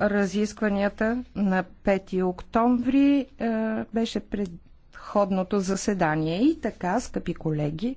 разискванията на 5 октомври е, беше предходното заседание. И така, скъпи колеги,